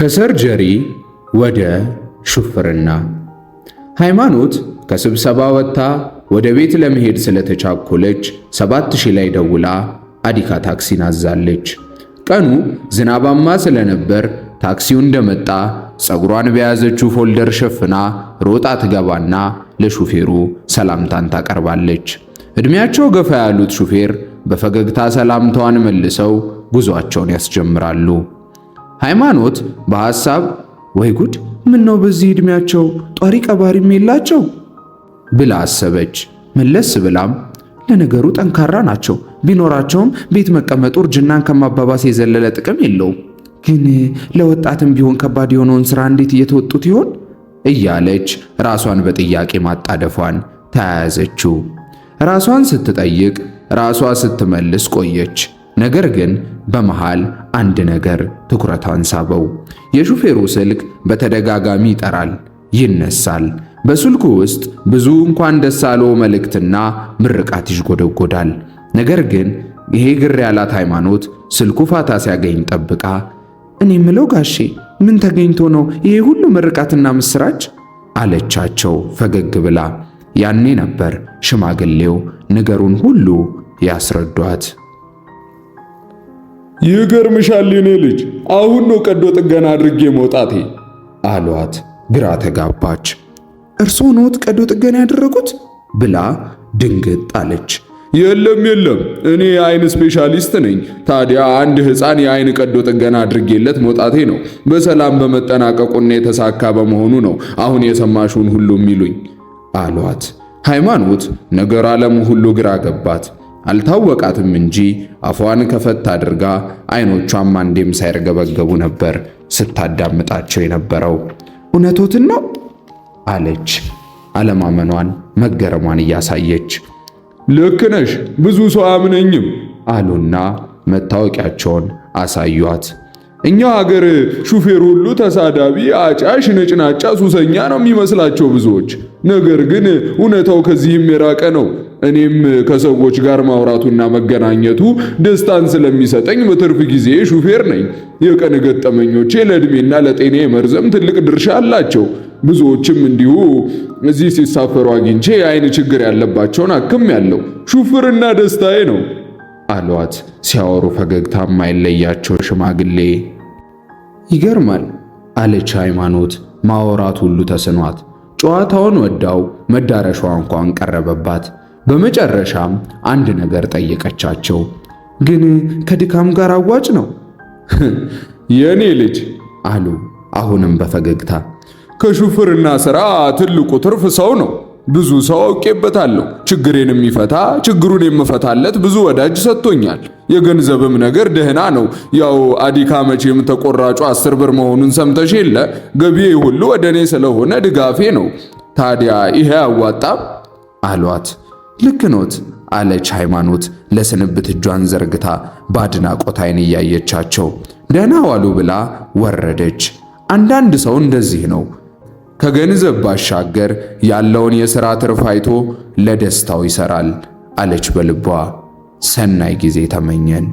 ከሰርጀሪ ወደ ሹፍርና ሃይማኖት ከስብሰባ ወጥታ ወደ ቤት ለመሄድ ስለተቻኮለች 7000 ላይ ደውላ አዲካ ታክሲን አዛለች። ቀኑ ዝናባማ ስለነበር ታክሲው እንደመጣ ፀጉሯን በያዘችው ፎልደር ሸፍና ሮጣ ትገባና ለሹፌሩ ሰላምታን ታቀርባለች። እድሜያቸው ገፋ ያሉት ሹፌር በፈገግታ ሰላምታዋን መልሰው ጉዟቸውን ያስጀምራሉ። ሃይማኖት በሐሳብ ወይ ጉድ ምን ነው በዚህ ዕድሜያቸው ጧሪ ቀባሪም የላቸው ብላ አሰበች። መለስ ብላም ለነገሩ ጠንካራ ናቸው፣ ቢኖራቸውም ቤት መቀመጡ እርጅናን ከማባባስ የዘለለ ጥቅም የለውም። ግን ለወጣትም ቢሆን ከባድ የሆነውን ሥራ እንዴት እየተወጡት ይሆን እያለች ራሷን በጥያቄ ማጣደፏን ተያያዘችው። ራሷን ስትጠይቅ ራሷ ስትመልስ ቆየች። ነገር ግን በመሃል አንድ ነገር ትኩረቷን ሳበው። የሹፌሩ ስልክ በተደጋጋሚ ይጠራል፣ ይነሳል። በስልኩ ውስጥ ብዙ እንኳን ደስ አለው መልእክትና ምርቃት ይሽጎደጎዳል። ነገር ግን ይሄ ግር ያላት ሃይማኖት ስልኩ ፋታ ሲያገኝ ጠብቃ፣ እኔ ምለው ጋሼ ምን ተገኝቶ ነው ይሄ ሁሉ ምርቃትና ምስራች? አለቻቸው ፈገግ ብላ። ያኔ ነበር ሽማግሌው ነገሩን ሁሉ ያስረዷት። ይገርምሻል የኔ ልጅ አሁን ነው ቀዶ ጥገና አድርጌ መውጣቴ አሏት። ግራ ተጋባች። እርሶ ነዎት ቀዶ ጥገና ያደረጉት ብላ ድንገት ጣለች። የለም የለም፣ እኔ የአይን ስፔሻሊስት ነኝ። ታዲያ አንድ ሕፃን የአይን ቀዶ ጥገና አድርጌለት መውጣቴ ነው። በሰላም በመጠናቀቁና የተሳካ በመሆኑ ነው አሁን የሰማሽውን ሁሉ የሚሉኝ አሏት። ሃይማኖት ነገር አለም ሁሉ ግራ ገባት። አልታወቃትም እንጂ አፏን ከፈት አድርጋ አይኖቿም አንዴም ሳይርገበገቡ ነበር ስታዳምጣቸው የነበረው። እውነቶትን ነው አለች፣ አለማመኗን መገረሟን እያሳየች። ልክ ነሽ፣ ብዙ ሰው አያምነኝም አሉና መታወቂያቸውን አሳዩአት። እኛ ሀገር ሹፌር ሁሉ ተሳዳቢ፣ አጫሽ፣ ነጭናጫ፣ ሱሰኛ ነው የሚመስላቸው ብዙዎች። ነገር ግን እውነታው ከዚህም የራቀ ነው። እኔም ከሰዎች ጋር ማውራቱና መገናኘቱ ደስታን ስለሚሰጠኝ በትርፍ ጊዜ ሹፌር ነኝ። የቀን ገጠመኞቼ ለእድሜና ለጤና የመርዘም ትልቅ ድርሻ አላቸው። ብዙዎችም እንዲሁ እዚህ ሲሳፈሩ አግኝቼ የአይን ችግር ያለባቸውን አክም ያለው ሹፍርና ደስታዬ ነው። አሏት። ሲያወሩ ፈገግታ የማይለያቸው ሽማግሌ። ይገርማል አለች ሃይማኖት ማወራት ሁሉ ተስኗት። ጨዋታውን ወዳው መዳረሻዋ እንኳን ቀረበባት። በመጨረሻም አንድ ነገር ጠየቀቻቸው። ግን ከድካም ጋር አዋጭ ነው የኔ ልጅ አሉ አሁንም በፈገግታ ከሹፍርና ስራ ትልቁ ትርፍ ሰው ነው። ብዙ ሰው አውቄበታለሁ። ችግሬን የሚፈታ ችግሩን የምፈታለት ብዙ ወዳጅ ሰጥቶኛል። የገንዘብም ነገር ደህና ነው። ያው አዲካ መቼም ተቆራጩ አስር ብር መሆኑን ሰምተሽ የለ? ገቢዬ ሁሉ ወደ እኔ ስለሆነ ድጋፌ ነው። ታዲያ ይሄ አዋጣም አሏት። ልክ ኖት አለች ሃይማኖት ለስንብት እጇን ዘርግታ በአድናቆት አይን እያየቻቸው። ደህና ዋሉ ብላ ወረደች። አንዳንድ ሰው እንደዚህ ነው። ከገንዘብ ባሻገር ያለውን የሥራ ትርፍ አይቶ ለደስታው ይሠራል አለች በልቧ። ሰናይ ጊዜ ተመኘን።